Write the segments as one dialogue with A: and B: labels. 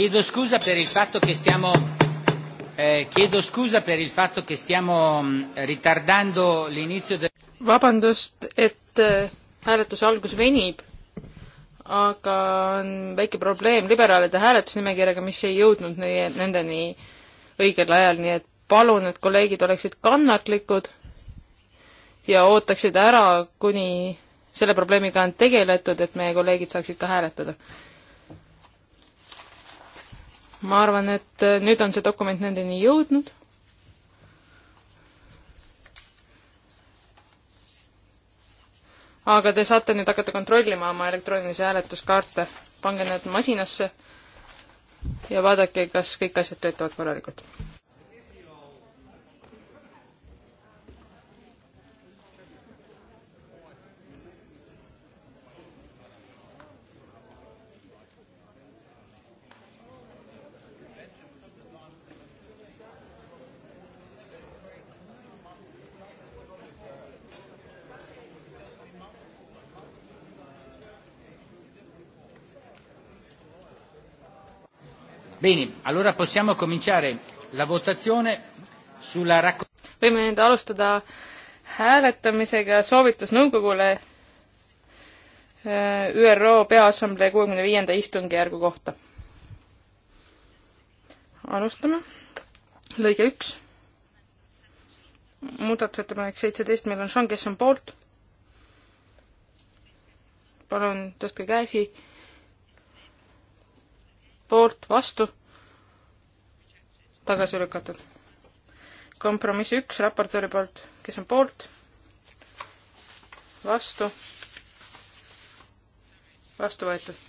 A: Chiedo scusa per il fatto che stiamo, eh, chiedo scusa per il fatto che stiamo mm, ritardando l'inizio del... vabandust,
B: et äh, hääletuse
A: algus venib, aga on väike probleem liberaalide
B: hääletusnimekirjaga, mis ei jõudnud neie, nendeni õigel ajal, nii et palun, et kolleegid oleksid kannatlikud ja ootaksid ära, kuni selle probleemiga on tegeletud, et meie kolleegid saaksid ka hääletada ma arvan, et äh, nüüd on see dokument nendeni jõudnud. aga te saate nüüd hakata kontrollima oma elektroonilisi hääletuskaarte, pange need masinasse ja vaadake, kas kõik asjad töötavad korralikult
A: Bene, allora possiamo cominciare la votazione sulla racco-. võime nüüd alustada hääletamisega soovitus nõukogule
B: äh, ÜRO Peaassamblee kuuekümne viienda istungjärgu kohta. alustame. lõige üks. muudatusettepanek seitseteist, meil on Sean, kes on poolt? palun tõstke käsi poolt, vastu, tagasi lükatud. kompromiss üks raportööri poolt, kes on poolt, vastu, vastu võetud.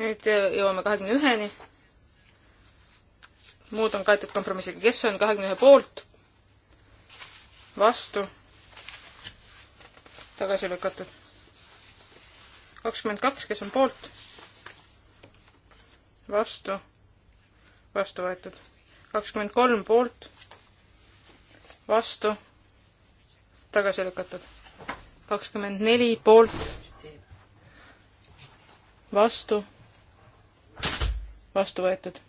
B: nüüd jõuame kahekümne üheni. muud on kaetud kompromissiga, kes on kahekümne ühe poolt, vastu, tagasi lükatud. kakskümmend kaks, kes on poolt vastu, vastu võetud. kakskümmend kolm poolt, vastu, tagasi lükatud. kakskümmend neli poolt, vastu, vastu võetud.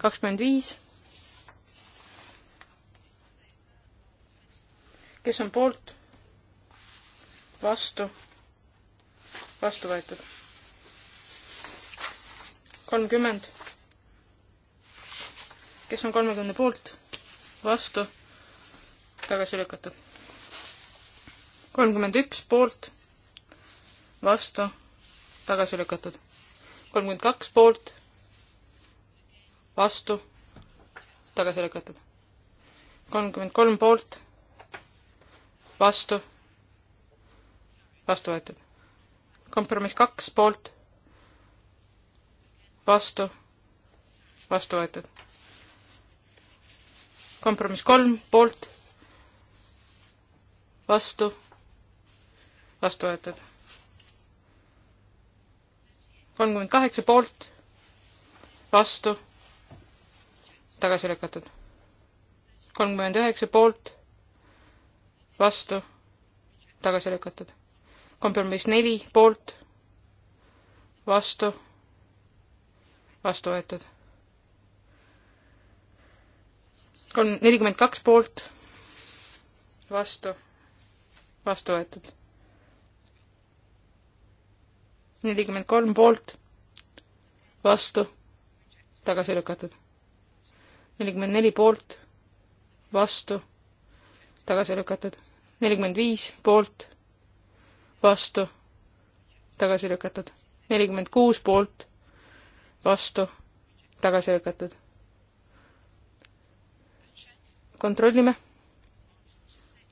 B: kakskümmend viis kes on poolt? vastu? vastu võetud. kolmkümmend. kes on kolmekümne poolt? vastu? tagasi lükatud. kolmkümmend üks poolt, vastu, tagasi lükatud. kolmkümmend kaks poolt, vastu, tagasi lükatud. kolmkümmend kolm poolt vastu, vastu võetud. kompromiss kaks poolt, vastu, vastu võetud. kompromiss kolm poolt, vastu, vastu võetud. kolmkümmend kaheksa poolt, vastu, tagasi lükatud. kolmkümmend üheksa poolt vastu, tagasi lükatud. kompromiss neli, poolt, vastu, vastu võetud. kolm, nelikümmend kaks poolt, vastu, vastu võetud. nelikümmend kolm poolt, vastu, tagasi lükatud. nelikümmend neli poolt, vastu, tagasi lükatud nelikümmend viis poolt, vastu, tagasi lükatud. nelikümmend kuus poolt, vastu, tagasi lükatud. kontrollime.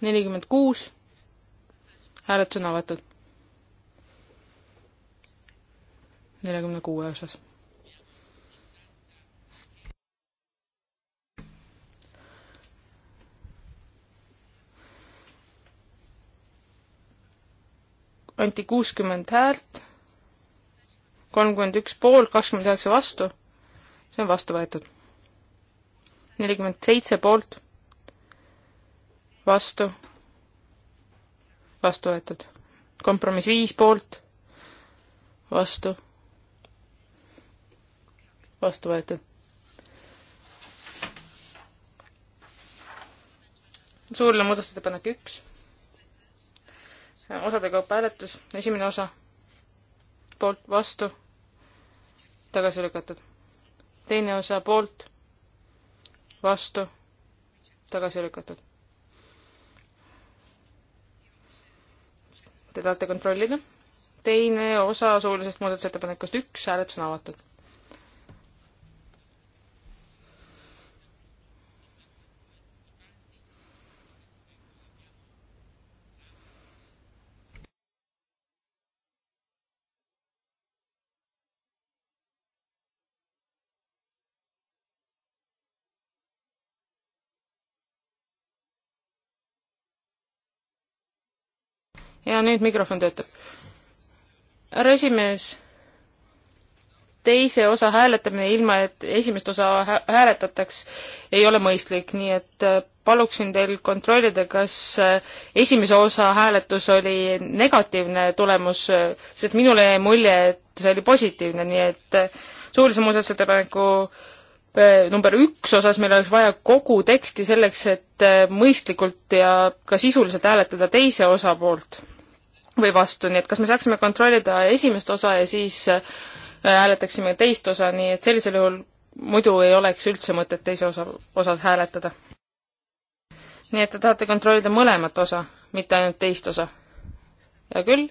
B: nelikümmend kuus, hääletus on avatud. neljakümne kuue osas anti kuuskümmend häält, kolmkümmend üks poolt, kakskümmend üheksa vastu, see on vastu võetud. nelikümmend seitse poolt, vastu, vastu võetud. kompromiss viis poolt, vastu, vastu võetud. suurele muudatusettepanek üks osade kaupa hääletus, esimene osa, poolt, vastu, tagasi lükatud. teine osa poolt, vastu, tagasi lükatud. Te tahate kontrollida? teine osa suulisest muudatusettepanekust üks, hääletus on avatud ja nüüd mikrofon töötab. härra esimees, teise osa hääletamine ilma, et esimest osa hääletataks, ei ole mõistlik, nii et äh, paluksin teil kontrollida, kas äh, esimese osa hääletus oli negatiivne tulemus, äh, sest minule jäi mulje, et see oli positiivne, nii et suulise muudatusettepaneku number üks osas meil oleks vaja kogu teksti selleks, et mõistlikult ja ka sisuliselt hääletada teise osa poolt või vastu, nii et kas me saaksime kontrollida esimest osa ja siis äh, hääletaksime teist osa, nii et sellisel juhul muidu ei oleks üldse mõtet teise osa, osas hääletada. nii et te tahate kontrollida mõlemat osa, mitte ainult teist osa. hea küll,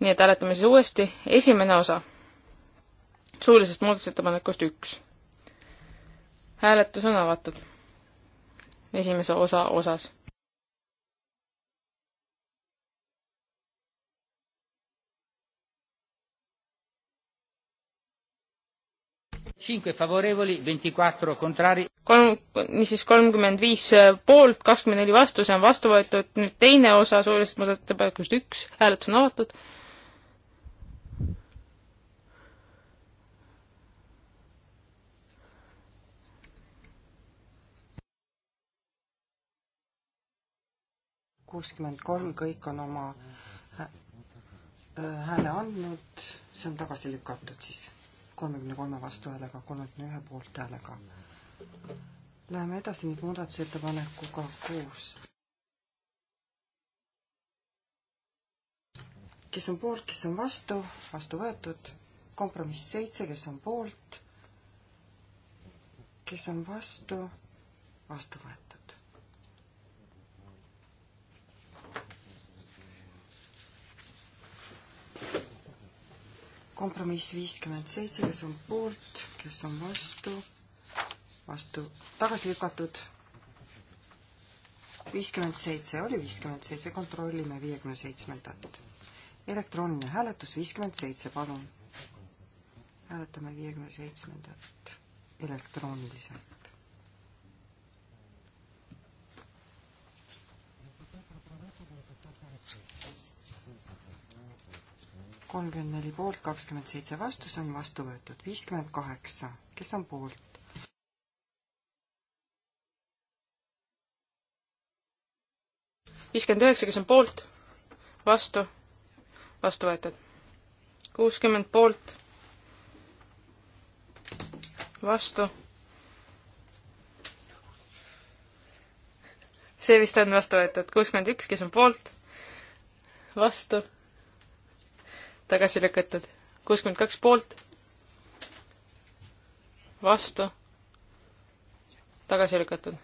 B: nii et hääletame siis uuesti, esimene osa suulisest muudatusettepanekust üks. hääletus on avatud esimese osa osas kolm, mis siis kolmkümmend viis äh, poolt, kakskümmend neli vastu, see on vastu võetud, nüüd teine osa suulisest muudatusettepanekust üks, hääletus on avatud.
C: kuuskümmend kolm, kõik on oma äh, hääle andnud, see on tagasi lükatud siis kolmekümne kolme vastuhäälega, kolmekümne ühe poolthäälega. Läheme edasi nüüd muudatusettepanekuga kuus. kes on poolt, kes on vastu, vastu võetud, kompromiss seitse, kes on poolt, kes on vastu, vastu võetud. kompromiss viiskümmend seitse, kes on poolt, kes on vastu, vastu tagasi lükatud. viiskümmend seitse oli viiskümmend seitse, kontrollime viiekümne seitsmendat. elektrooniline hääletus viiskümmend seitse, palun. hääletame viiekümne seitsmendat elektrooniliselt. kolmkümmend neli poolt, kakskümmend seitse vastu, see on vastu võetud. viiskümmend kaheksa, kes on poolt?
B: viiskümmend üheksa, kes on poolt? vastu? vastu võetud. kuuskümmend poolt? vastu? see vist on vastu võetud. kuuskümmend üks, kes on poolt? vastu tagasi lükatud. kuuskümmend kaks poolt, vastu, tagasi lükatud.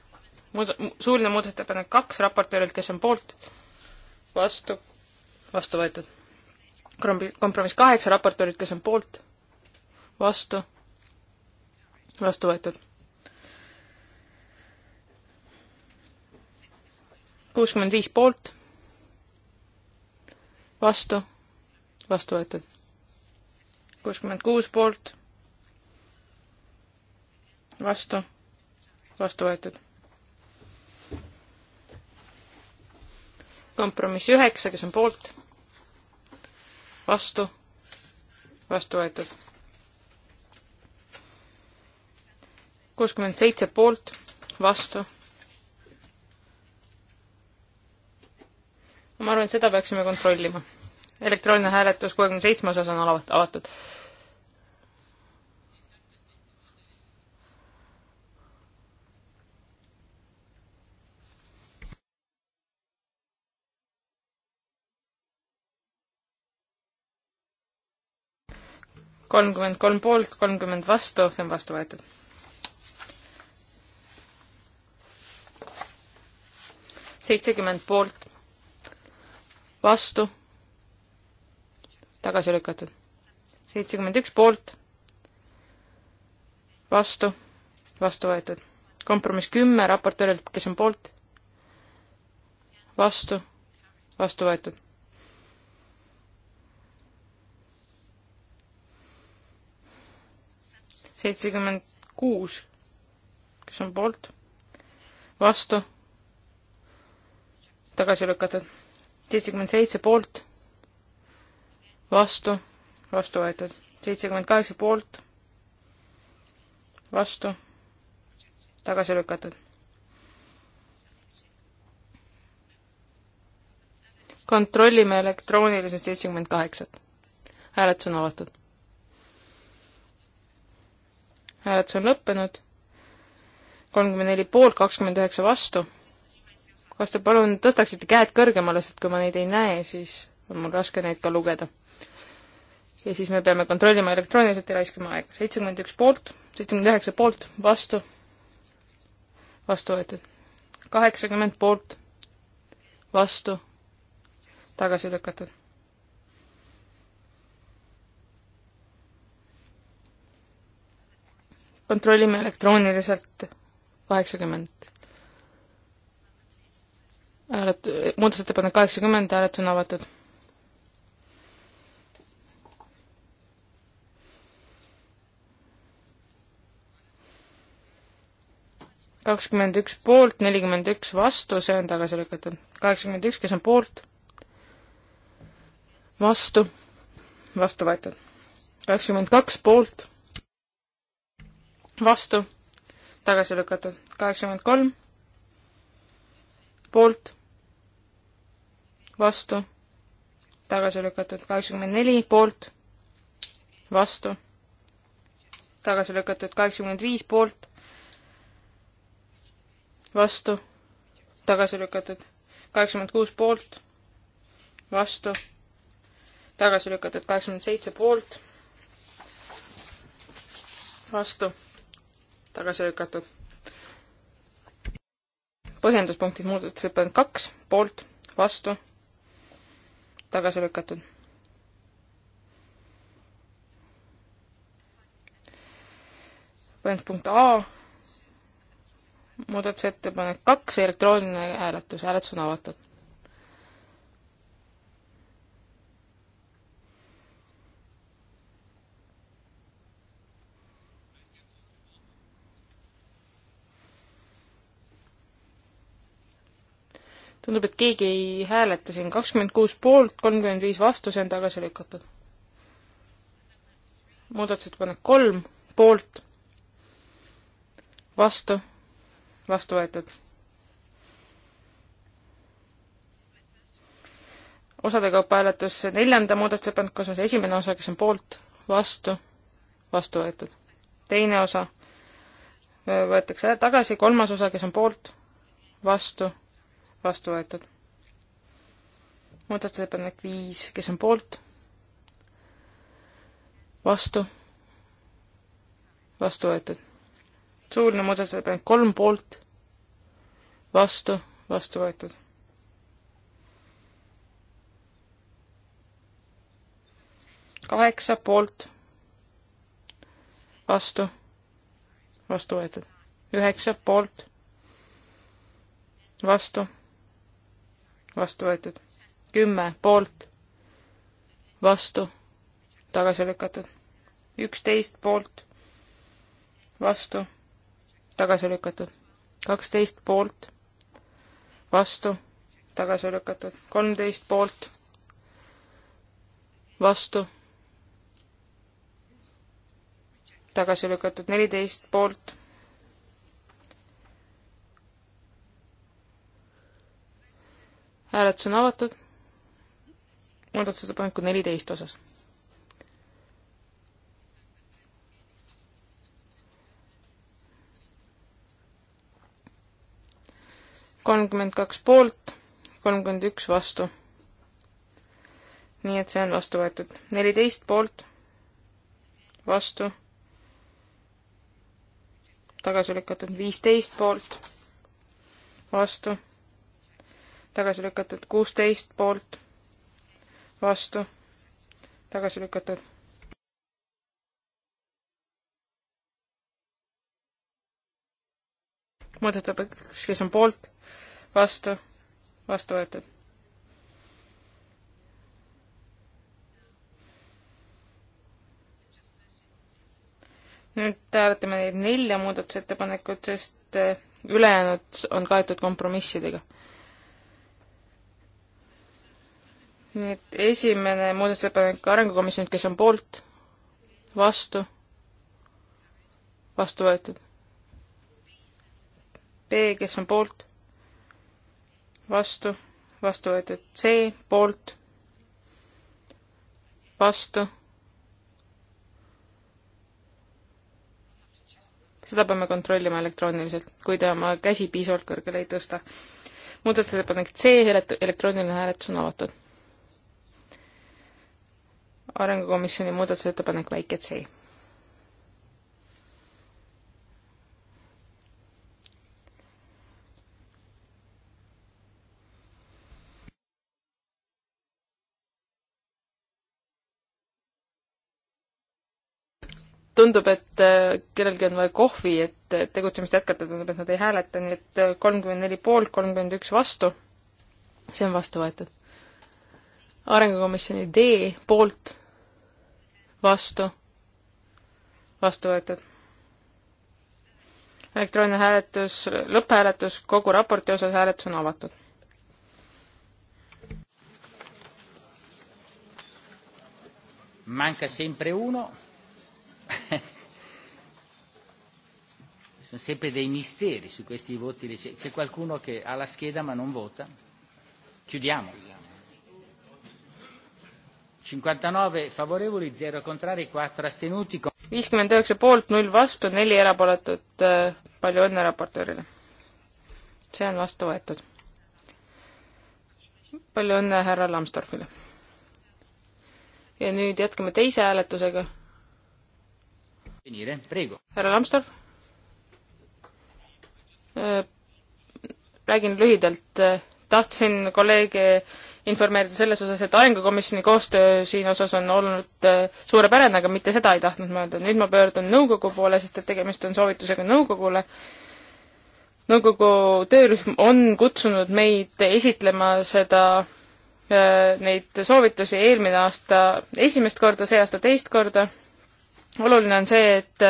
B: Muud-, suuline muudatusettepanek kaks raportöörilt, kes on poolt, vastu, vastu võetud. kompromiss kaheksa raportöörilt, kes on poolt, vastu, vastu võetud. kuuskümmend viis poolt, vastu vastu võetud. kuuskümmend kuus poolt, vastu, vastu võetud. kompromiss üheksa, kes on poolt, vastu, vastu võetud. kuuskümmend seitse poolt, vastu ma arvan, et seda peaksime kontrollima elektrooniline hääletus kuuekümne seitsme osas on avatud. kolmkümmend kolm poolt, kolmkümmend vastu, see on vastu võetud. seitsekümmend poolt, vastu tagasi lükatud. seitsekümmend üks poolt, vastu, vastu võetud. kompromiss kümme raportöörilt, kes on poolt, vastu, vastu võetud. seitsekümmend kuus, kes on poolt, vastu, tagasi lükatud. seitsekümmend seitse poolt vastu, vastu võetud. seitsekümmend kaheksa poolt, vastu, tagasi lükatud. kontrollime elektrooniliselt seitsekümmend kaheksat. hääletus on avatud. hääletus on lõppenud, kolmkümmend neli poolt, kakskümmend üheksa vastu. kas te palun tõstaksite käed kõrgemale, sest kui ma neid ei näe, siis on mul raske neid ka lugeda ja siis me peame kontrollima elektrooniliselt ja raiskama aega. seitsekümmend üks poolt, seitsekümmend üheksa poolt, vastu, vastu võetud. kaheksakümmend poolt, vastu, tagasi lükatud kontrollime elektrooniliselt kaheksakümmend. häälet-, muudatusettepanek kaheksakümmend, hääletus on avatud kakskümmend üks poolt, nelikümmend üks vastu, see on tagasi lükatud. kaheksakümmend üks, kes on poolt, vastu, vastu võetud. kaheksakümmend kaks poolt, vastu, tagasi lükatud. kaheksakümmend kolm poolt, vastu, tagasi lükatud. kaheksakümmend neli poolt, vastu, tagasi lükatud. kaheksakümmend viis poolt vastu, tagasi lükatud. kaheksakümmend kuus poolt, vastu, tagasi lükatud. kaheksakümmend seitse poolt, vastu, tagasi lükatud. põhjenduspunktid muudatusettepanek kaks, poolt, vastu, tagasi lükatud põhjenduspunkt A muudatusettepanek kaks, elektrooniline hääletus, hääletus on avatud. tundub, et keegi ei hääleta siin, kakskümmend kuus poolt, kolmkümmend viis vastu, see on tagasi lükatud. muudatusettepanek kolm, poolt, vastu vastu võetud. osade kaupa hääletus neljanda muudatusettepaneku osas, esimene osa, kes on poolt, vastu, vastu võetud. teine osa võetakse tagasi, kolmas osa, kes on poolt, vastu, vastu võetud. muudatusettepanek viis, kes on poolt, vastu, vastu võetud suuline muudatusettepanek kolm poolt, vastu, vastu võetud. kaheksa poolt, vastu, vastu võetud. üheksa poolt, vastu, vastu võetud. kümme poolt, vastu, tagasi lükatud. üksteist poolt, vastu tagasi lükatud. kaksteist poolt, vastu, tagasi lükatud. kolmteist poolt, vastu, tagasi lükatud. neliteist poolt, hääletus on avatud muudatusettepaneku neliteist osas kolmkümmend kaks poolt, kolmkümmend üks vastu. nii et see on vastu võetud. neliteist poolt, vastu, tagasi lükatud viisteist poolt, vastu, tagasi lükatud kuusteist poolt, vastu, tagasi lükatud muudatusettepanek, kes on poolt, vastu, vastu võetud. nüüd hääletame neid nelja muudatusettepanekut, sest eh, ülejäänud on kaetud kompromissidega. nii et esimene muudatusettepanek Arengukomisjonilt, kes on poolt, vastu, vastu võetud. B, kes on poolt vastu, vastu võetud C poolt, vastu. seda peame kontrollima elektrooniliselt, kui te oma käsi piisavalt kõrgele ei tõsta. muudatusettepanek C, elektrooniline hääletus on avatud. arengukomisjoni muudatusettepanek väike C tundub, et äh, kellelgi on vaja kohvi, et tegutsemist jätkata, tundub, et nad ei hääleta, nii et äh, kolmkümmend neli poolt, kolmkümmend üks vastu. see on vastu võetud. arengukomisjoni D poolt, vastu, vastu võetud. elektrooniline hääletus, lõpphääletus kogu raporti osas, hääletus on avatud.
A: Manca sempre uno sono sempre dei misteri su questi voti. C'è qualcuno che ha la scheda ma non vota? Chiudiamo. 59 favorevoli, 0 contrari, 4 astenuti. viiskümmend üheksa poolt, null vastu, neli erapooletut. Eh,
B: palju õnne raportöörile. see on vastu võetud. palju õnne härra Lambsdorffile. ja nüüd jätkame teise hääletusega.
A: härra
B: Lambsdorff Äh, räägin lühidalt, tahtsin kolleege informeerida selles osas, et Arengukomisjoni koostöö siin osas on olnud äh, suurepärane, aga mitte seda ei tahtnud ma öelda. nüüd ma pöördun nõukogu poole, sest et tegemist on soovitusega nõukogule. nõukogu töörühm on kutsunud meid esitlema seda, äh, neid soovitusi eelmine aasta esimest korda, see aasta teist korda. oluline on see, et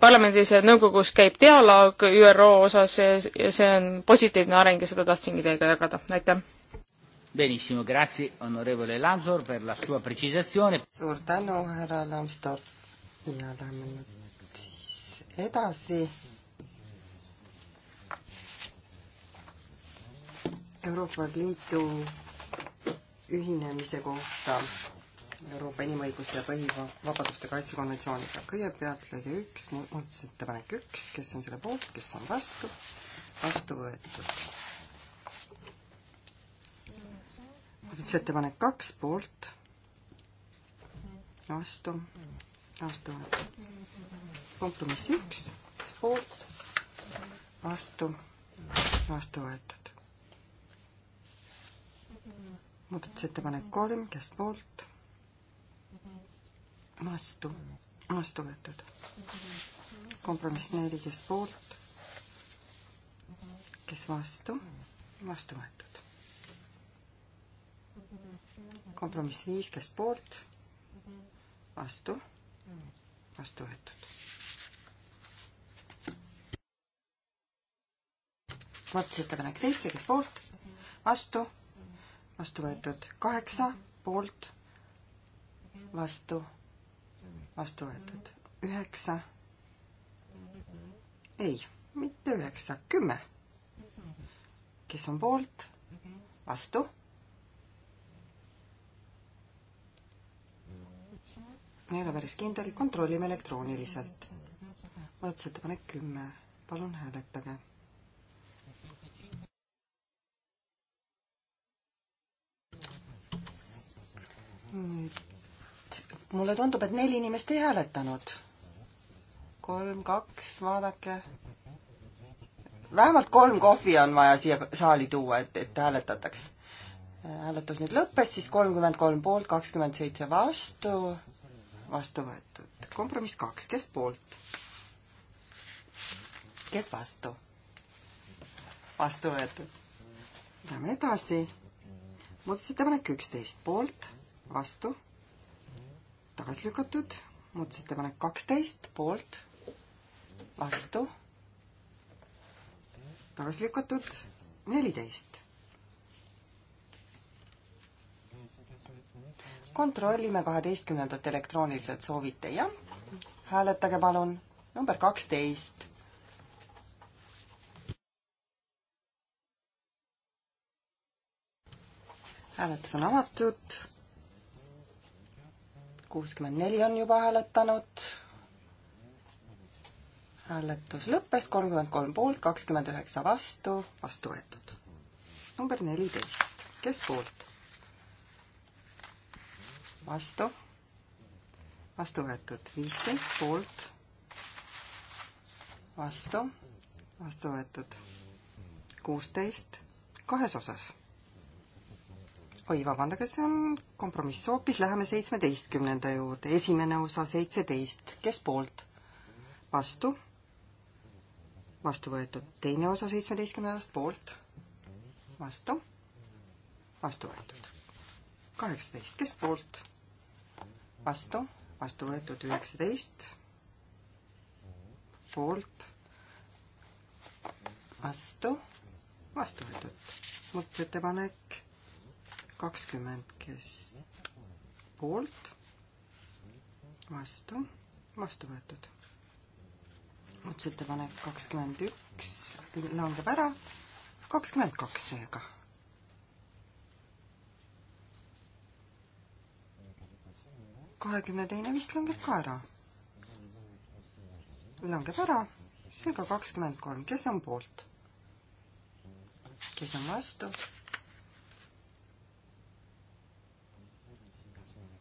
B: parlamendis ja nõukogus käib dialoog
A: ÜRO osas ja, ja see on positiivne areng ja seda tahtsingi teiega jagada, aitäh! Benissimo, grazie onorevole Lamsor per la sua precisazione. suur tänu,
C: härra Lamstor ja lähme nüüd siis edasi. Euroopa Liidu ühinemise kohta Euroopa Inimõiguste ja Põhivabaduste Kaitsekonventsiooniga. kõigepealt lõige üks, muudatusettepanek üks, kes on selle poolt, kes on vastu, vastu võetud. muudatusettepanek kaks poolt, vastu, vastu võetud. kompromiss üks, poolt, vastu, vastu võetud muudatusettepanek kolm, kes poolt, vastu, vastu võetud. kompromiss neli, kes poolt, kes vastu, vastu võetud. kompromiss viis, kes poolt, vastu, vastu võetud. muudatusettepanek seitse, kes poolt, vastu, vastu võetud kaheksa, poolt, vastu vastu võetud. üheksa. ei, mitte üheksa, kümme. kes on poolt? vastu? ma ei ole päris kindel, kontrollime elektrooniliselt. muudatusettepanek kümme, palun hääletage nüüd mulle tundub, et neli inimest ei hääletanud. kolm, kaks, vaadake. vähemalt kolm kohvi on vaja siia saali tuua, et, et hääletataks. hääletus nüüd lõppes, siis kolmkümmend kolm poolt, kakskümmend seitse vastu, vastu võetud. kompromiss kaks, kes poolt? kes vastu? vastu võetud. Läheme edasi. muudatusettepanek üksteist poolt, vastu tagasi lükatud, muudatusettepanek kaksteist poolt, vastu, tagasi lükatud, neliteist. kontrollime kaheteistkümnendat elektrooniliselt, soovite jah? hääletage palun, number kaksteist hääletus on avatud, kuuskümmend neli on juba hääletanud. hääletus lõppes, kolmkümmend kolm poolt, kakskümmend üheksa vastu, vastu võetud. number neliteist, kes poolt? vastu, vastu võetud, viisteist poolt, vastu, vastu võetud, kuusteist kahes osas oi, vabandage, see on kompromiss hoopis, läheme seitsmeteistkümnenda juurde, esimene osa seitseteist, kes poolt? vastu? vastu võetud, teine osa seitsmeteistkümnendast poolt? vastu? vastu võetud. kaheksateist, kes poolt? vastu? vastu võetud üheksateist, poolt, vastu, vastu võetud. muudatusettepanek kakskümmend, kes poolt, vastu, vastu võetud. otsusettepanek kakskümmend üks langeb ära, kakskümmend kaks seega kahekümne teine vist langeb ka ära. langeb ära, seega kakskümmend kolm, kes on poolt? kes on vastu?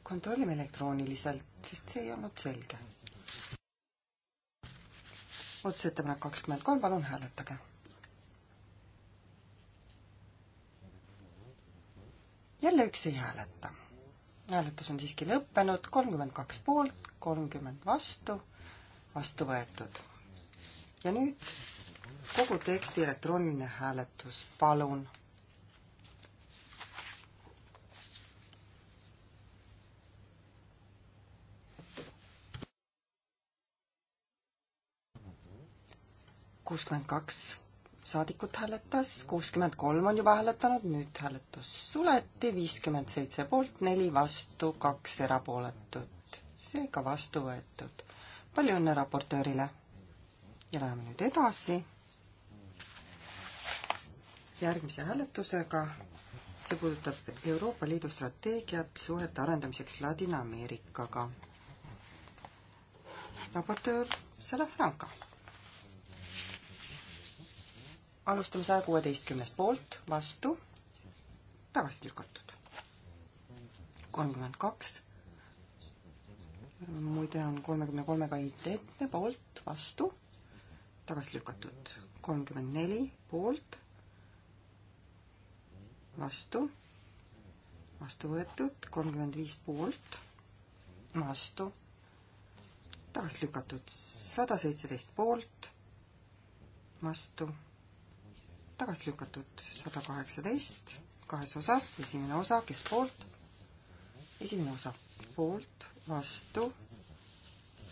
C: kontrollime elektrooniliselt, sest see ei olnud selge. muudatusettepanek kakskümmend kolm, palun hääletage. jälle üks ei hääleta. hääletus on siiski lõppenud, kolmkümmend kaks poolt, kolmkümmend vastu, vastu võetud. ja nüüd kogu teksti elektrooniline hääletus, palun kuuskümmend kaks saadikut hääletas, kuuskümmend kolm on juba hääletanud, nüüd hääletus suleti, viiskümmend seitse poolt, neli vastu, kaks erapooletut. seega vastu võetud. palju õnne raportöörile! ja läheme nüüd edasi järgmise hääletusega. see puudutab Euroopa Liidu strateegiat suhete arendamiseks Ladina-Ameerikaga. raportöör Salafranca alustame saja kuueteistkümnest poolt, vastu, tagasi lükatud. kolmkümmend kaks. muide on kolmekümne kolmega identne, poolt, vastu, tagasi lükatud. kolmkümmend neli, poolt, vastu, vastu võetud, kolmkümmend viis poolt, vastu, tagasi lükatud, sada seitseteist poolt, vastu tagasi lükatud sada kaheksateist kahes osas, esimene osa, kes poolt, esimene osa poolt, vastu,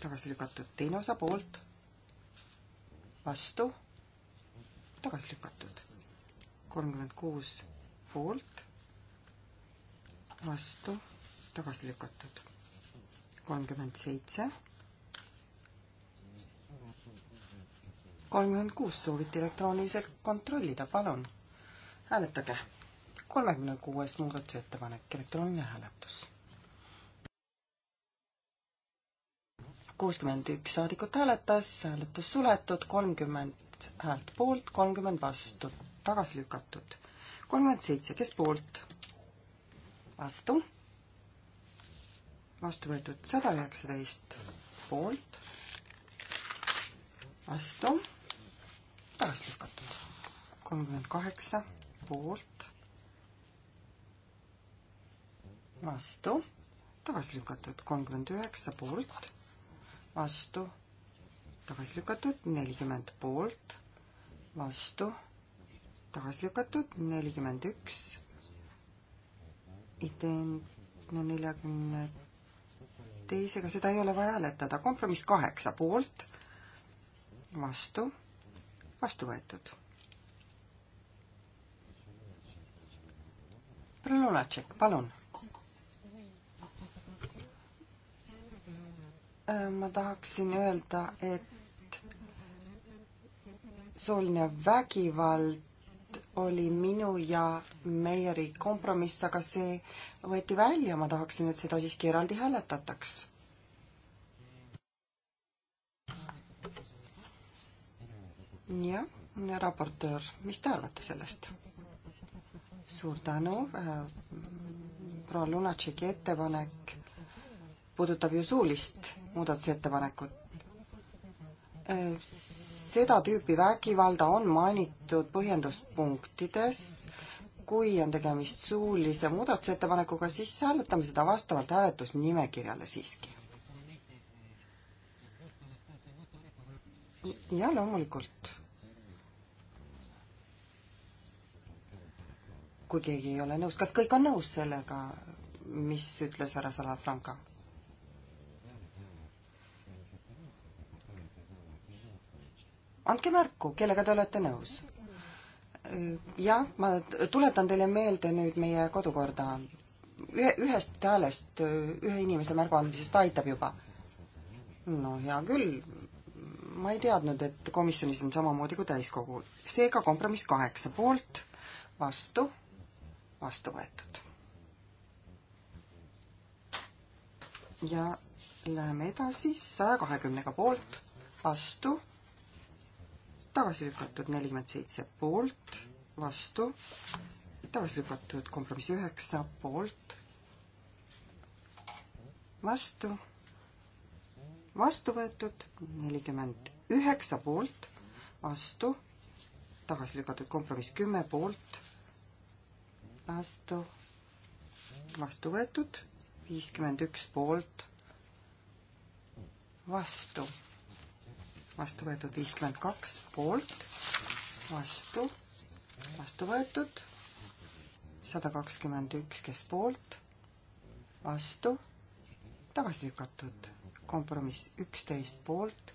C: tagasi lükatud, teine osa poolt, vastu, tagasi lükatud, kolmkümmend kuus poolt, vastu, tagasi lükatud, kolmkümmend seitse kolmkümmend kuus sooviti elektrooniliselt kontrollida, palun hääletage. kolmekümne kuues muudatusettepanek, elektrooniline hääletus. kuuskümmend üks saadikut hääletas, hääletus suletud, kolmkümmend häält poolt, kolmkümmend vastu, tagasi lükatud. kolmkümmend seitse, kes poolt? vastu. vastu võetud sada üheksateist poolt. vastu tagasi lükatud. kolmkümmend kaheksa poolt, vastu, tagasi lükatud. kolmkümmend üheksa poolt, vastu, tagasi lükatud. nelikümmend poolt, vastu, tagasi lükatud. nelikümmend üks, identne neljakümne teisega, seda ei ole vaja hääletada. kompromiss kaheksa poolt, vastu vastu võetud. Lulatšek, palun. Äh, ma tahaksin öelda, et sooline vägivald oli minu ja Meieri kompromiss, aga see võeti välja, ma tahaksin, et seda siiski eraldi hääletataks jah, raportöör, mis te arvate sellest? suur tänu, äh, proua Lunatšeki ettepanek puudutab ju suulist muudatusettepanekut. Äh, seda tüüpi vägivalda on mainitud põhjenduspunktides, kui on tegemist suulise muudatusettepanekuga, siis hääletame seda vastavalt hääletusnimekirjale siiski. ja loomulikult kui keegi ei ole nõus, kas kõik on nõus sellega, mis ütles härra Salafranca? andke märku, kellega te olete nõus. jah, ma tuletan teile meelde nüüd meie kodukorda. ühe, ühest häälest ühe inimese märguandmisest aitab juba. no hea küll, ma ei teadnud, et komisjonis on samamoodi kui täiskogul. seega kompromiss kaheksa poolt, vastu vastu võetud. ja läheme edasi saja kahekümnega poolt, vastu, tagasi lükatud nelikümmend seitse poolt, vastu, tagasi lükatud kompromiss üheksa poolt, vastu, vastu võetud nelikümmend üheksa poolt, vastu, tagasi lükatud kompromiss kümme poolt vastu, vastu võetud, viiskümmend üks poolt, vastu, vastu võetud viiskümmend kaks poolt, vastu, vastu võetud, sada kakskümmend üks, kes poolt, vastu, tagasi lükatud, kompromiss üksteist poolt,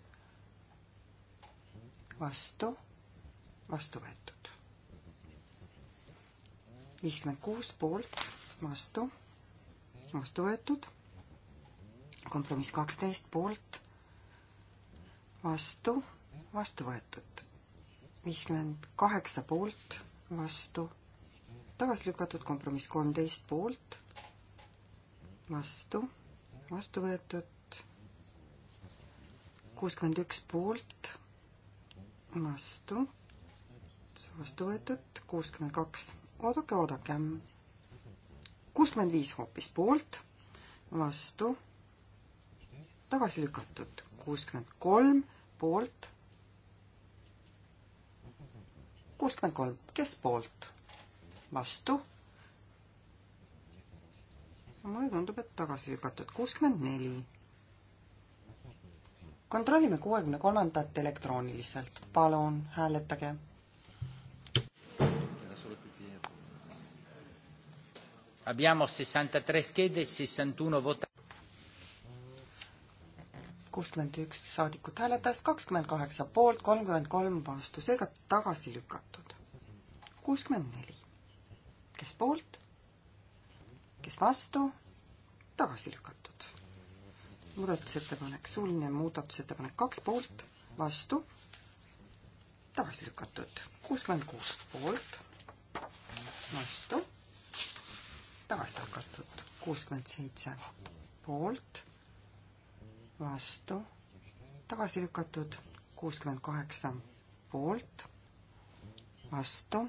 C: vastu, vastu võetud viiskümmend kuus poolt, vastu, vastu võetud. kompromiss kaksteist poolt, vastu, vastu võetud. viiskümmend kaheksa poolt, vastu, tagasi lükatud, kompromiss kolmteist poolt, vastu, vastu võetud. kuuskümmend üks poolt, vastu, vastu võetud, kuuskümmend kaks oodake, oodake. kuuskümmend viis hoopis poolt, vastu, tagasi lükatud. kuuskümmend kolm poolt, kuuskümmend kolm, kes poolt, vastu mulle tundub, et tagasi lükatud kuuskümmend neli. kontrollime kuuekümne kolmandat elektrooniliselt, palun hääletage
A: Abbiamo 63 schede, 61 vota-.
C: kuuskümmend üks saadikut hääletas, kakskümmend kaheksa poolt, kolmkümmend kolm vastu, seega tagasi lükatud. kuuskümmend neli. kes poolt, kes vastu, tagasi lükatud. muudatusettepanek, suuline muudatusettepanek kaks poolt, vastu, tagasi lükatud. kuuskümmend kuus poolt, vastu tagasi lükatud. kuuskümmend seitse poolt, vastu, tagasi lükatud. kuuskümmend kaheksa poolt, vastu.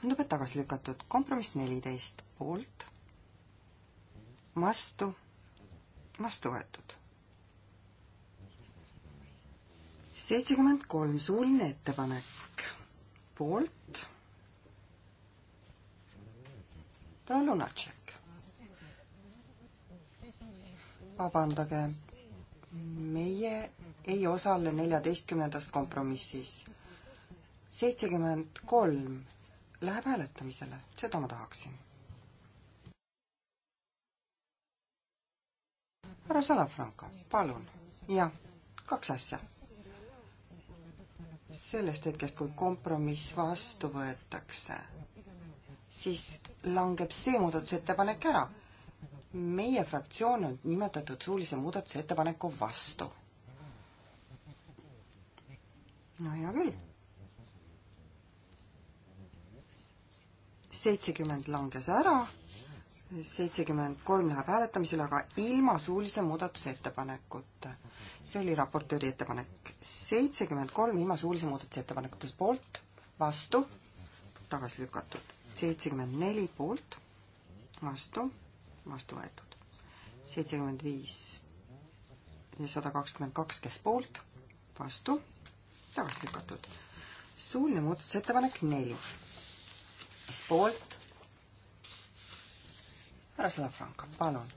C: tundub, et tagasi lükatud. kompromiss neliteist poolt, vastu, vastu võetud seitsekümmend kolm, suuline ettepanek. poolt, proua Lunatšek. vabandage, meie ei osale neljateistkümnendas kompromissis. seitsekümmend kolm läheb hääletamisele, seda ma tahaksin. härra Salafranco, palun. jah, kaks asja. sellest hetkest, kui kompromiss vastu võetakse siis langeb see muudatusettepanek ära. meie fraktsioon on nimetatud suulise muudatusettepaneku vastu. no hea küll. seitsekümmend langes ära, seitsekümmend kolm läheb hääletamisele, aga ilma suulise muudatusettepanekuta. see oli raportööri ettepanek. seitsekümmend kolm ilma suulise muudatusettepanekutes poolt, vastu, tagasi lükatud seitsekümmend neli poolt, vastu, vastu võetud. seitsekümmend viis ja sada kakskümmend kaks, kes poolt, vastu, tagasi lükatud. suuline muudatusettepanek neli, kes poolt, härra Salafranco, palun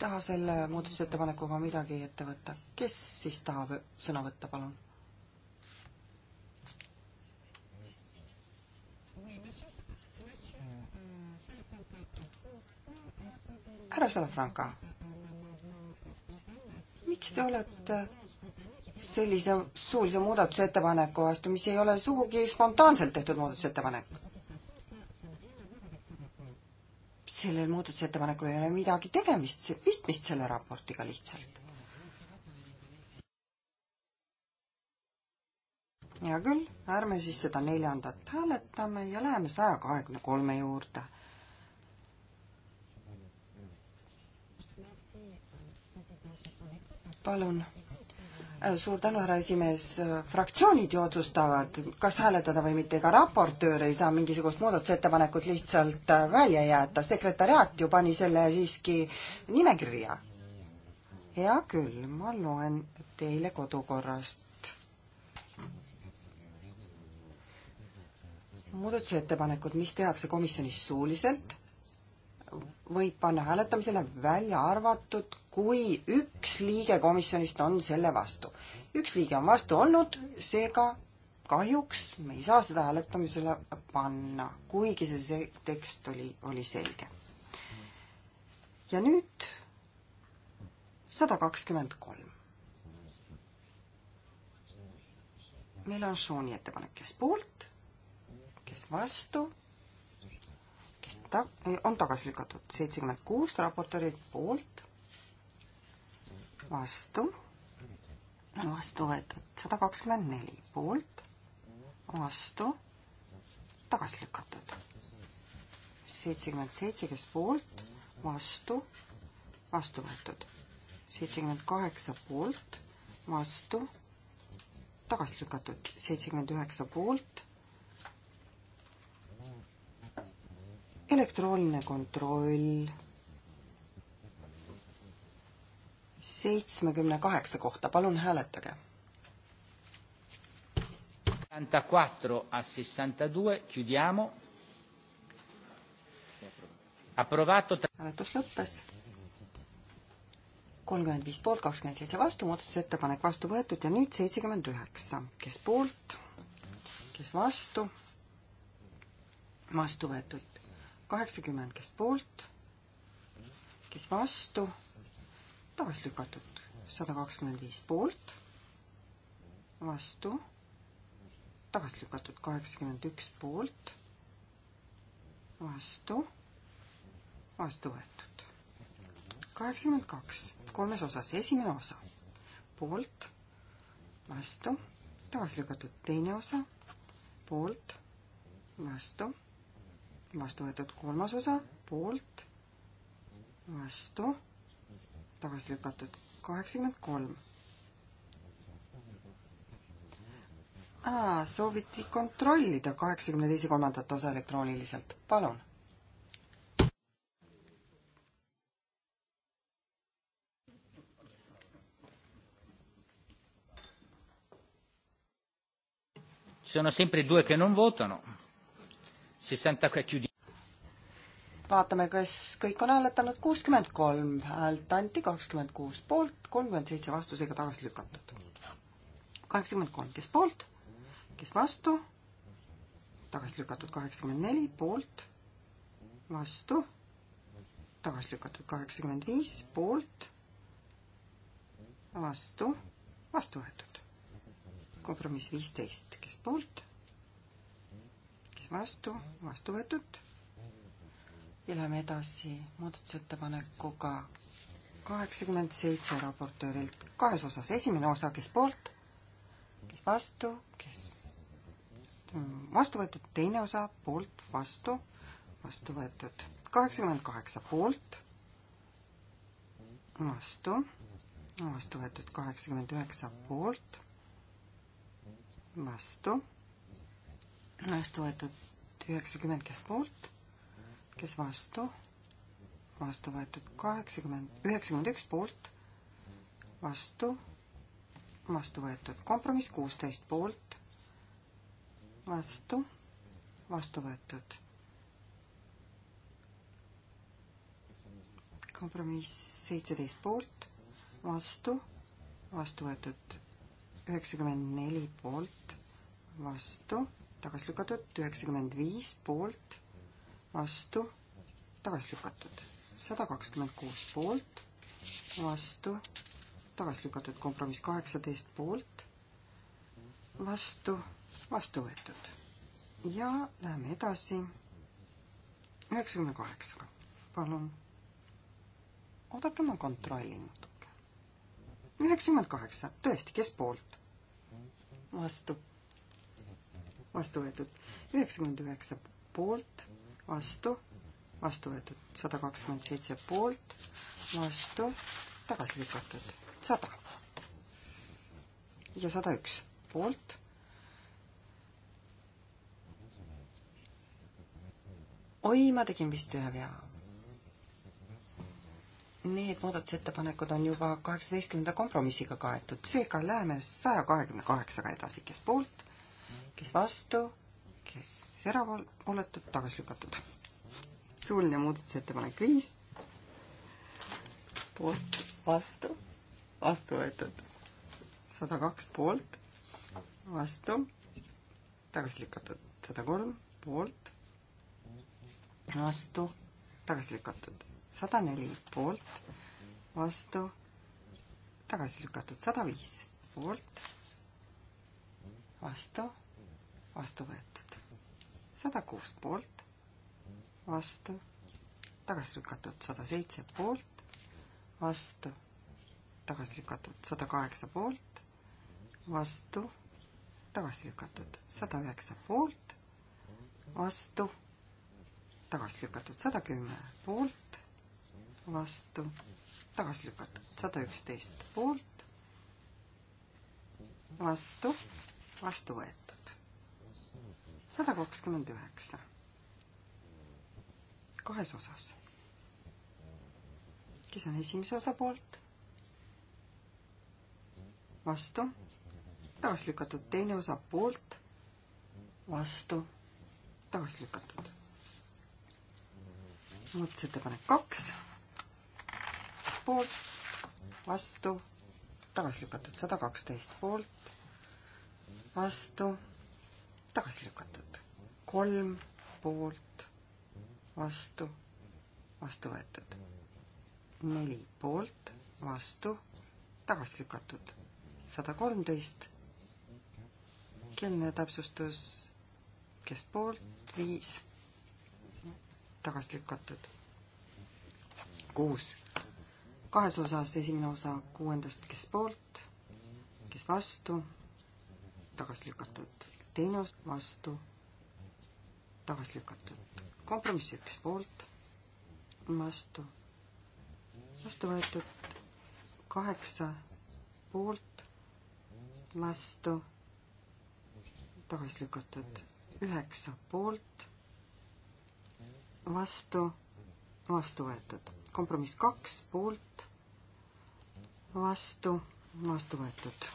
C: taha selle muudatusettepanekuga midagi ette võtta. kes siis tahab sõna võtta, palun? härra Salafranca, miks te olete sellise suulise muudatusettepaneku vastu, mis ei ole sugugi spontaanselt tehtud muudatusettepanek? sellel muudatusettepanekul ei ole midagi tegemist, pistmist selle raportiga lihtsalt. hea küll, ärme siis seda neljandat hääletame ja läheme saja kahekümne kolme juurde palun Äh, suur tänu, härra esimees, äh, fraktsioonid ju otsustavad, kas hääletada või mitte, ega raportöör ei saa mingisugust muudatusettepanekut lihtsalt äh, välja jätta, sekretäriaat ju pani selle siiski nimekirja. hea küll, ma loen teile kodukorrast. muudatusettepanekud, mis tehakse komisjonis suuliselt võib panna hääletamisele välja arvatud, kui üks liige komisjonist on selle vastu. üks liige on vastu olnud, seega kahjuks me ei saa seda hääletamisele panna, kuigi see, see tekst oli, oli selge. ja nüüd sada kakskümmend kolm. meil on Šooni ettepanek, kes poolt, kes vastu kes ta-, on tagasi lükatud. seitsekümmend kuus raportööri poolt, vastu, vastu võetud. sada kakskümmend neli poolt, vastu, tagasi lükatud. seitsekümmend seitse, kes poolt, vastu, vastu võetud. seitsekümmend kaheksa poolt, vastu, tagasi lükatud. seitsekümmend üheksa poolt elektrooniline kontroll seitsmekümne kaheksa kohta, palun hääletage. hääletus lõppes. kolmkümmend viis poolt, kakskümmend seitse vastu, muudatusettepanek vastu võetud ja nüüd seitsekümmend üheksa. kes poolt, kes vastu? vastu võetud kaheksakümmend, kes poolt, kes vastu, tagasi lükatud, sada kakskümmend viis poolt, vastu, tagasi lükatud, kaheksakümmend üks poolt, vastu, vastu võetud. kaheksakümmend kaks, kolmes osas, esimene osa, poolt, vastu, tagasi lükatud, teine osa, poolt, vastu vastu võetud kolmas osa, poolt, vastu, tagasi lükatud kaheksakümmend kolm. Aa, sooviti kontrollida kaheksakümne teise kolmandat osa elektrooniliselt, palun.
A: Sono sempre due che non votano Nagu
C: vaatame, kas kõik on hääletanud, kuuskümmend kolm häält anti, kakskümmend kuus poolt, kolmkümmend seitse vastusega tagasi lükatud. kaheksakümmend kolm, kes poolt, kes vastu, tagasi lükatud kaheksakümmend neli, poolt, vastu, tagasi lükatud kaheksakümmend viis, poolt, vastu, vastu võetud. kompromiss viisteist, kes poolt vastu, vastu võetud. ja läheme edasi muudatusettepanekuga kaheksakümmend seitse raportöörilt kahes osas, esimene osa, kes poolt, kes vastu, kes vastu võetud, teine osa poolt, vastu, vastu võetud, kaheksakümmend kaheksa poolt, vastu, vastu võetud kaheksakümmend üheksa poolt, vastu vastu võetud üheksakümmend, kes poolt, kes vastu, vastu võetud kaheksakümmend, üheksakümmend üks poolt, vastu, vastu võetud kompromiss kuusteist poolt, vastu, vastu võetud kompromiss seitseteist poolt, vastu, vastu võetud üheksakümmend neli poolt, vastu tagasi lükatud, üheksakümmend viis poolt, vastu, tagasi lükatud, sada kakskümmend kuus poolt, vastu, tagasi lükatud, kompromiss kaheksateist poolt, vastu, vastu võetud. ja läheme edasi üheksakümne kaheksaga, palun. oodake, ma kontrollin natuke. üheksakümmend kaheksa, tõesti, kes poolt? vastu vastu võetud. üheksakümmend üheksa poolt, vastu, vastu võetud. sada kakskümmend seitse poolt, vastu, tagasi lükatud. sada. ja sada üks poolt. oi, ma tegin vist ühe vea need muudatusettepanekud on juba kaheksateistkümnenda kompromissiga kaetud, seega läheme saja kahekümne kaheksaga edasi, kes poolt, kes vastu, kes erapooletud, tagasi lükatud. suuline muudatusettepanek viis. poolt, vastu, vastu võetud. sada kaks poolt, vastu, tagasi lükatud. sada kolm poolt, vastu, tagasi lükatud. sada neli poolt, vastu, tagasi lükatud. sada viis poolt, vastu vastu võetud. sada kuus poolt, vastu, tagasi lükatud sada seitse poolt, vastu, tagasi lükatud sada kaheksa poolt, vastu, tagasi lükatud sada üheksa poolt, vastu, tagasi lükatud sada kümme poolt, vastu, tagasi lükatud sada üksteist poolt, vastu, vastu võetud sada kakskümmend üheksa. kahes osas. kes on esimese osa poolt? vastu. tagasi lükatud teine osa poolt. vastu. tagasi lükatud. muudatusettepanek kaks. poolt. vastu. tagasi lükatud sada kaksteist poolt. vastu tagasi lükatud. kolm poolt, vastu, vastu võetud. neli poolt, vastu, tagasi lükatud. sada kolmteist. keelne täpsustus, kes poolt, viis, tagasi lükatud. kuus, kahes osas esimene osa kuuendast, kes poolt, kes vastu, tagasi lükatud teine osa vastu, tagasi lükatud. kompromiss üks poolt, vastu, vastu võetud kaheksa poolt, vastu, tagasi lükatud üheksa poolt, vastu, vastu võetud. kompromiss kaks poolt, vastu, vastu võetud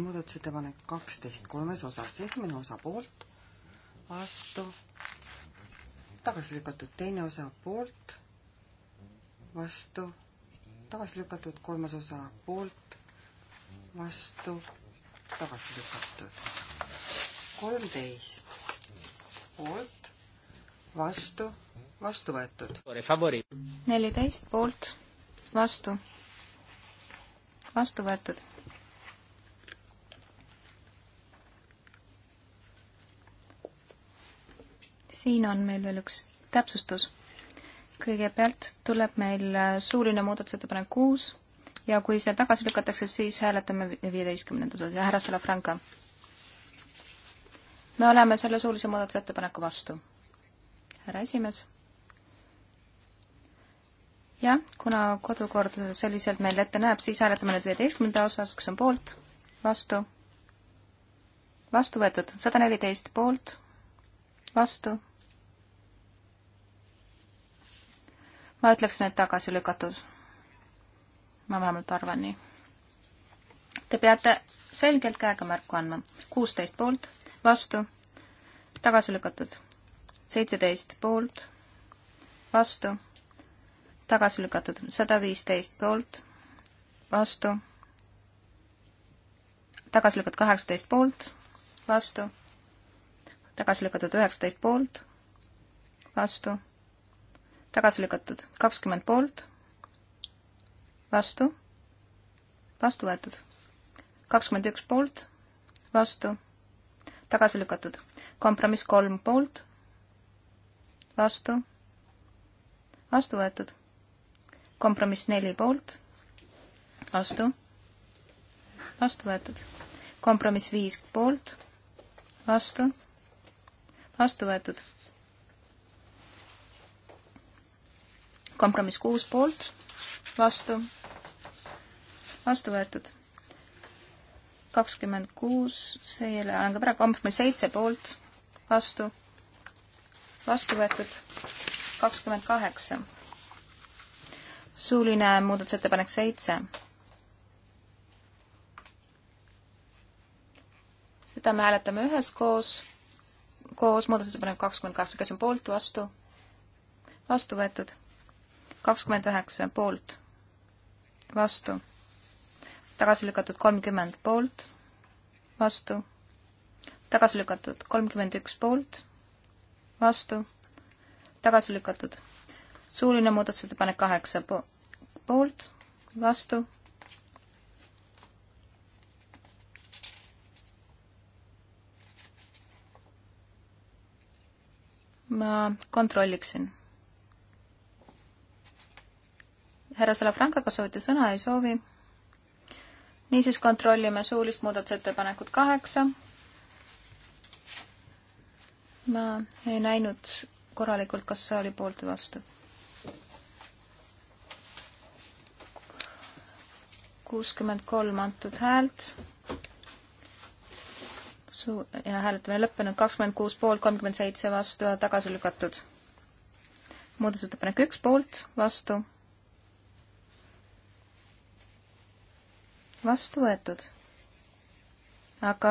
C: muudatusettepanek kaksteist kolmes osas, esimene osa poolt, vastu, tagasi lükatud teine osa poolt, vastu, tagasi lükatud kolmas osa poolt, vastu, tagasi lükatud. kolmteist poolt, vastu, vastu võetud.
D: neliteist poolt, vastu, vastu võetud siin on meil veel üks täpsustus. kõigepealt tuleb meil suuline muudatusettepanek kuus ja kui see tagasi lükatakse, siis hääletame viieteistkümnendas ja härra Salafranca. me oleme selle suulise muudatusettepaneku vastu. härra esimees. jah, kuna kodukord selliselt meil ette näeb, siis hääletame nüüd viieteistkümnenda osas, kes on poolt, vastu, vastu võetud, sada neliteist poolt, vastu ma ütleksin, et tagasi lükatud. ma vähemalt arvan nii. Te peate selgelt käega märku andma. kuusteist poolt, vastu, tagasi lükatud. seitseteist poolt, vastu, tagasi lükatud. sada viisteist poolt, vastu, tagasi lükatud kaheksateist poolt, vastu, tagasi lükatud üheksateist poolt, vastu tagasi lükatud. kakskümmend poolt, vastu, vastu võetud. kakskümmend üks poolt, vastu, tagasi lükatud. kompromiss kolm poolt, vastu, vastu võetud. kompromiss neli poolt, vastu, vastu võetud. kompromiss viis poolt, vastu, vastu võetud kompromiss kuus poolt, vastu, vastu võetud. kakskümmend kuus, see langeb ära, kompromiss seitse poolt, vastu, vastu võetud, kakskümmend kaheksa. suuline muudatusettepanek seitse. seda me hääletame üheskoos, koos, koos muudatusettepanek kakskümmend kaheksa, kes on poolt, vastu? vastu võetud kakskümmend üheksa poolt, vastu, tagasi lükatud kolmkümmend poolt, vastu, tagasi lükatud kolmkümmend üks poolt, vastu, tagasi lükatud. suuline muudatusettepanek kaheksa po-, poolt, vastu, ma kontrolliksin härra Salafranca, kas soovite sõna? ei soovi. niisiis kontrollime suulist muudatusettepanekut kaheksa. ma ei näinud korralikult, kas see oli poolt või vastu. kuuskümmend kolm antud häält su- ja hääletamine lõppenud, kakskümmend kuus poolt, kolmkümmend seitse vastu ja tagasi lükatud. muudatusettepanek üks poolt, vastu, vastu võetud. aga,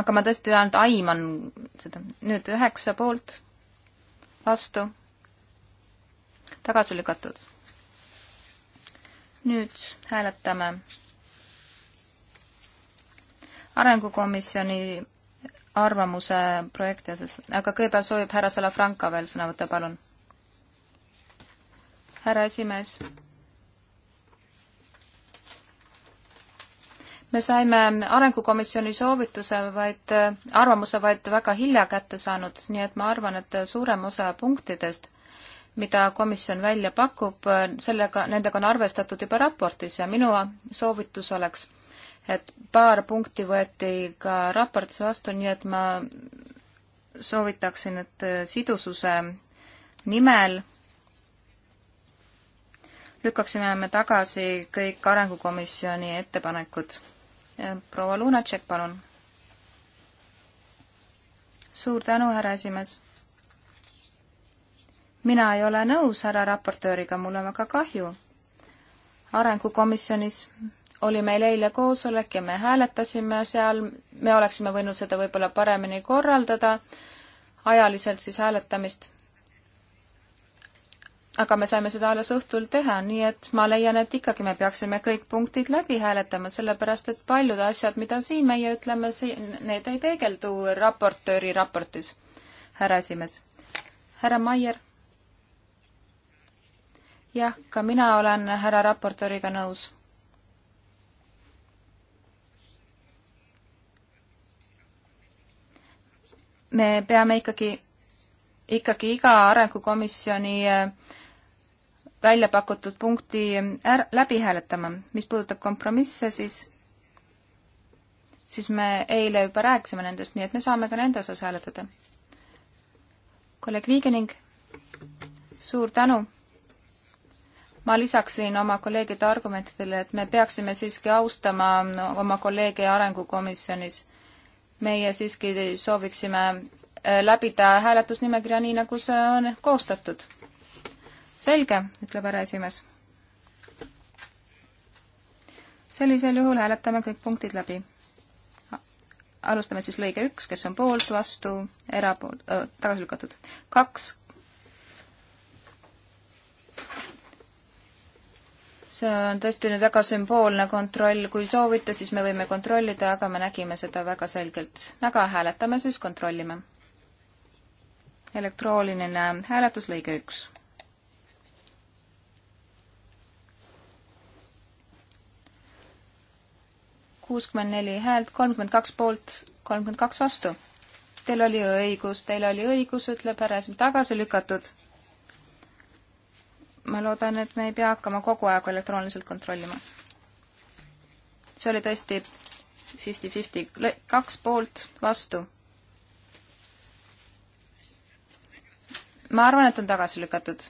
D: aga ma tõesti ainult aiman seda. nüüd üheksa poolt, vastu, tagasi lükatud. nüüd hääletame arengukomisjoni arvamuse projekti osas, aga kõigepealt soovib härra Salafranca veel sõna võtta, palun. härra esimees me saime Arengukomisjoni soovituse vaid, äh, arvamuse vaid väga hilja kätte saanud, nii et ma arvan, et suurem osa punktidest, mida komisjon välja pakub, äh, sellega, nendega on arvestatud juba raportis ja minu soovitus oleks, et paar punkti võeti ka raportis vastu, nii et ma soovitaksin, et äh, sidususe nimel lükkaksime me tagasi kõik Arengukomisjoni ettepanekud proua Lunatšek, palun. suur tänu, härra esimees. mina ei ole nõus härra raportööriga, mul on väga kahju. arengukomisjonis oli meil eile koosolek ja me hääletasime seal, me oleksime võinud seda võib-olla paremini korraldada, ajaliselt siis hääletamist aga me saime seda alles õhtul teha, nii et ma leian, et ikkagi me peaksime kõik punktid läbi hääletama, sellepärast et paljud asjad, mida siin meie ütleme, need ei peegeldu raportööri raportis, härra esimees. härra Maier? jah, ka mina olen härra raportööriga nõus. me peame ikkagi, ikkagi iga arengukomisjoni äh, välja pakutud punkti är-, läbi hääletama. mis puudutab kompromisse, siis, siis me eile juba rääkisime nendest, nii et me saame ka nende osas hääletada. kolleeg Viigening, suur tänu! ma lisaksin oma kolleegide argumentidele, et me peaksime siiski austama oma kolleege Arengukomisjonis. meie siiski sooviksime äh, läbida hääletusnimekirja nii, nagu see on koostatud selge, ütleb härra esimees. sellisel juhul hääletame kõik punktid läbi. alustame siis lõige üks, kes on poolt, vastu, erapool- äh,, tagasi lükatud. kaks. see on tõesti nüüd väga sümboolne kontroll, kui soovite, siis me võime kontrollida, aga me nägime seda väga selgelt. aga hääletame, siis kontrollime. elektrooniline hääletus, lõige üks kuuskümmend neli häält, kolmkümmend kaks poolt, kolmkümmend kaks vastu. Teil oli õigus, teil oli õigus, ütleb härra, see on tagasi lükatud. ma loodan, et me ei pea hakkama kogu aeg elektrooniliselt kontrollima. see oli tõesti fifty-fifty, kaks poolt, vastu. ma arvan, et on tagasi lükatud,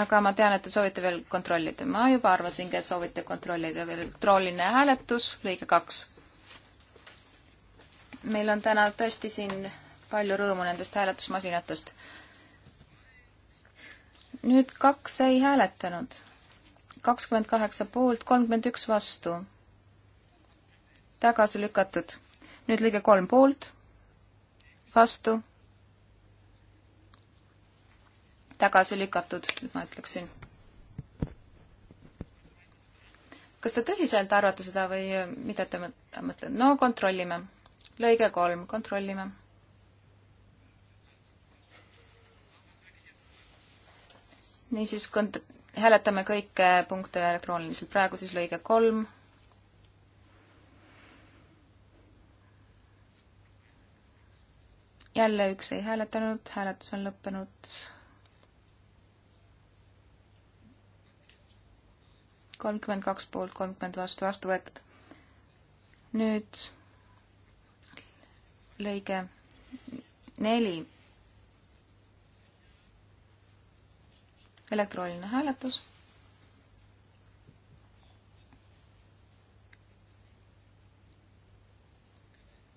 D: aga ma tean, et te soovite veel kontrollida. ma juba arvasingi, et soovite kontrollida. elektrooniline hääletus, lõige kaks. meil on täna tõesti siin palju rõõmu nendest hääletusmasinatest. nüüd kaks ei hääletanud. kakskümmend kaheksa poolt, kolmkümmend üks vastu. tagasi lükatud. nüüd lõige kolm poolt, vastu tagasi lükatud, ma ütleksin. kas te tõsiselt arvate seda või mida te mõtlete? no kontrollime. lõige kolm, kontrollime. niisiis kont-, hääletame kõiki punkte elektrooniliselt, praegu siis lõige kolm jälle üks ei hääletanud, hääletus on lõppenud. kolmkümmend kaks poolt, kolmkümmend vastu, vastu võetud. nüüd lõige neli. elektrooniline hääletus.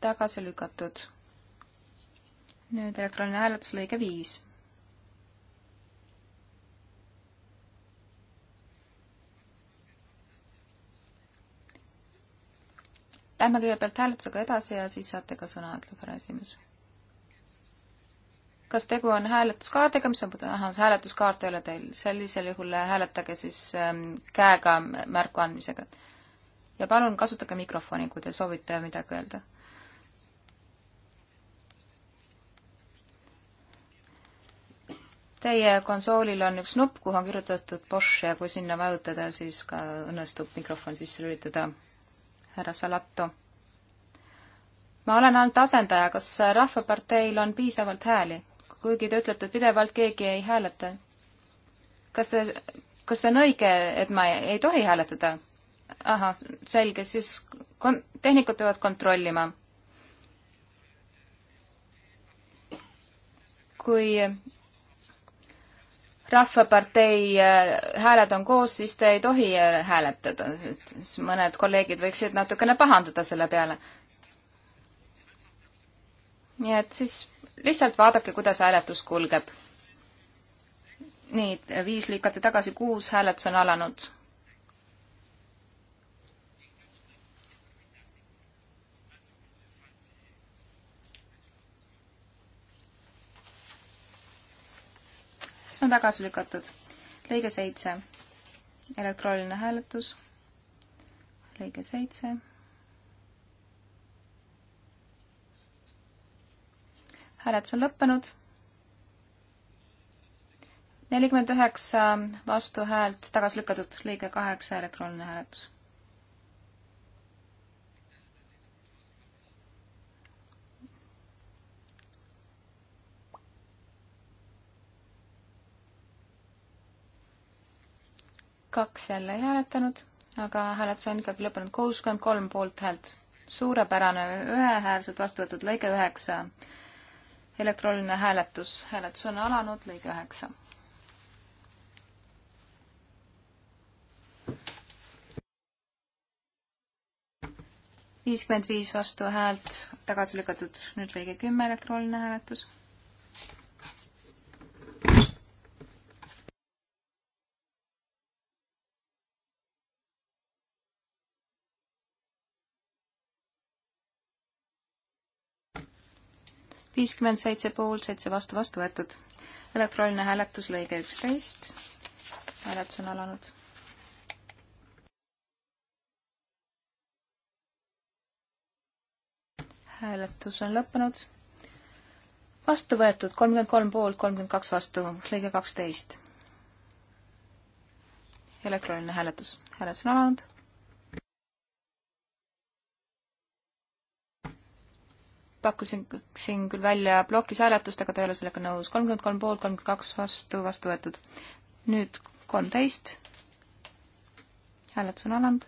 D: tagasi lükatud. nüüd elektrooniline hääletus, lõige viis Lähme kõigepealt hääletusega edasi ja siis saate ka sõna, ütleb härra esimees. kas tegu on hääletuskaardiga, mis on, ahah, hääletuskaart ei ole teil, sellisel juhul hääletage siis ähm, käega märku andmisega. ja palun kasutage mikrofoni, kui te soovite midagi öelda. Teie konsoolil on üks nupp, kuhu on kirjutatud Bosch ja kui sinna vajutada, siis ka õnnestub mikrofon sisse lülitada härra Salato. ma olen ainult asendaja, kas Rahvaparteil on piisavalt hääli? kuigi te ütlete, et pidevalt keegi ei hääleta. kas see, kas see on õige, et ma ei, ei tohi hääletada? ahah, selge, siis kon-, tehnikud peavad kontrollima. kui rahvapartei äh, hääled on koos, siis te ei tohi äh, hääletada. siis mõned kolleegid võiksid natukene pahandada selle peale. nii et siis lihtsalt vaadake, kuidas hääletus kulgeb. nii, viis lükati tagasi, kuus hääletus on alanud on tagasi lükatud. lõige seitse. elektrooniline hääletus. lõige seitse. hääletus on lõppenud. nelikümmend üheksa vastuhäält tagasi lükatud, lõige kaheksa, elektrooniline hääletus kaks jälle ei hääletanud, aga hääletus on ikkagi lõppenud kuuskümmend kolm poolthäält. suurepärane, ühehäälselt vastu võetud lõige üheksa. elektrooniline hääletus, hääletus on alanud, lõige üheksa. viiskümmend viis vastuhäält, tagasi lükatud, nüüd lõige kümme, elektrooniline hääletus viiskümmend seitse poolt, seitse vastu, vastu võetud. elektrooniline hääletus, lõige üksteist. hääletus on alanud. hääletus on lõppenud. vastu võetud kolmkümmend kolm poolt, kolmkümmend kaks vastu, lõige kaksteist. elektrooniline hääletus, hääletus on alanud pakkusin siin küll välja plokis hääletust, aga ta ei ole sellega nõus. kolmkümmend kolm poolt, kolmkümmend kaks vastu, vastu võetud. nüüd kolmteist. hääletus on alanud.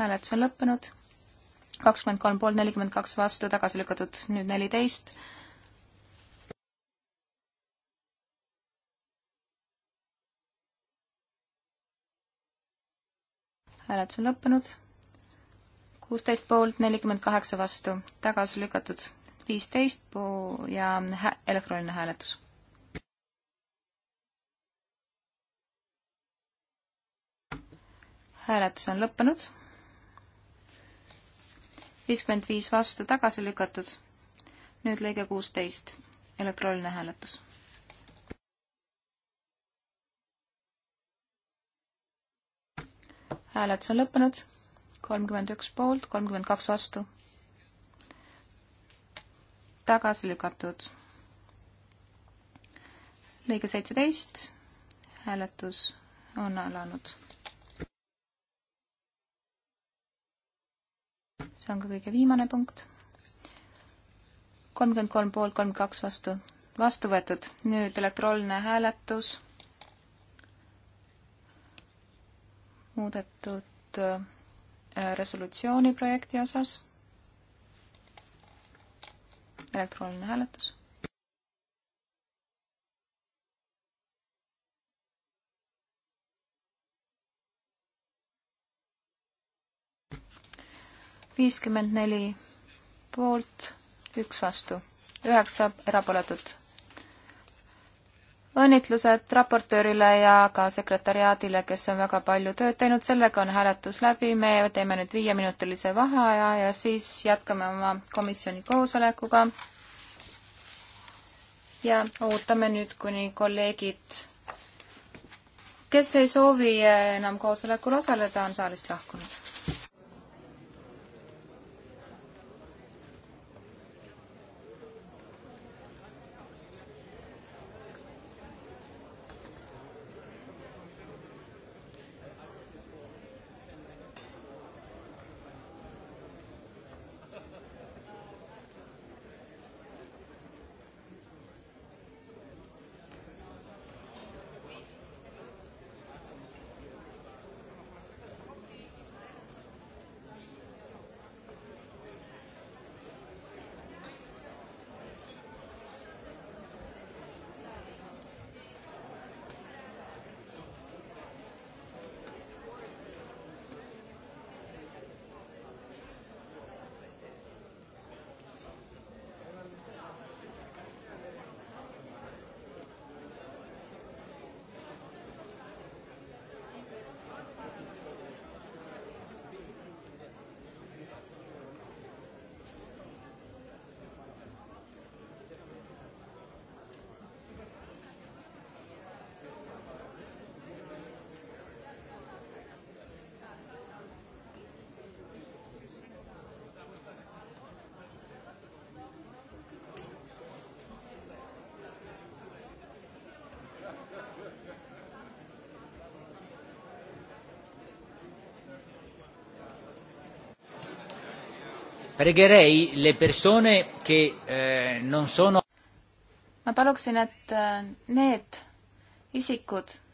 D: hääletus on lõppenud. kakskümmend kolm poolt, nelikümmend kaks vastu, tagasi lükatud. nüüd neliteist hääletus on lõppenud kuusteist poolt, nelikümmend kaheksa vastu, tagasi lükatud viisteist ja hä elektrooniline hääletus. hääletus on lõppenud. viiskümmend viis vastu, tagasi lükatud. nüüd lõige kuusteist, elektrooniline hääletus. hääletus on lõppenud kolmkümmend üks poolt, kolmkümmend kaks vastu. tagasi lükatud. lõige seitseteist, hääletus on alanud. see on ka kõige viimane punkt. kolmkümmend kolm poolt, kolmkümmend kaks vastu, vastu võetud. nüüd elektrooniline hääletus muudetud äh, resolutsiooni projekti osas. elektrooniline hääletus. viiskümmend neli poolt, üks vastu, üheksa erapooletut õnnitlused raportöörile ja ka sekretariaadile, kes on väga palju tööd teinud, sellega on hääletus läbi, me teeme nüüd viieminutilise vaheaja ja siis jätkame oma komisjoni koosolekuga. ja ootame nüüd, kuni kolleegid, kes ei soovi enam koosolekul osaleda, on saalist lahkunud
A: pregherei le persone che eh, non sono
D: ma paluksin, et eh, need isikud,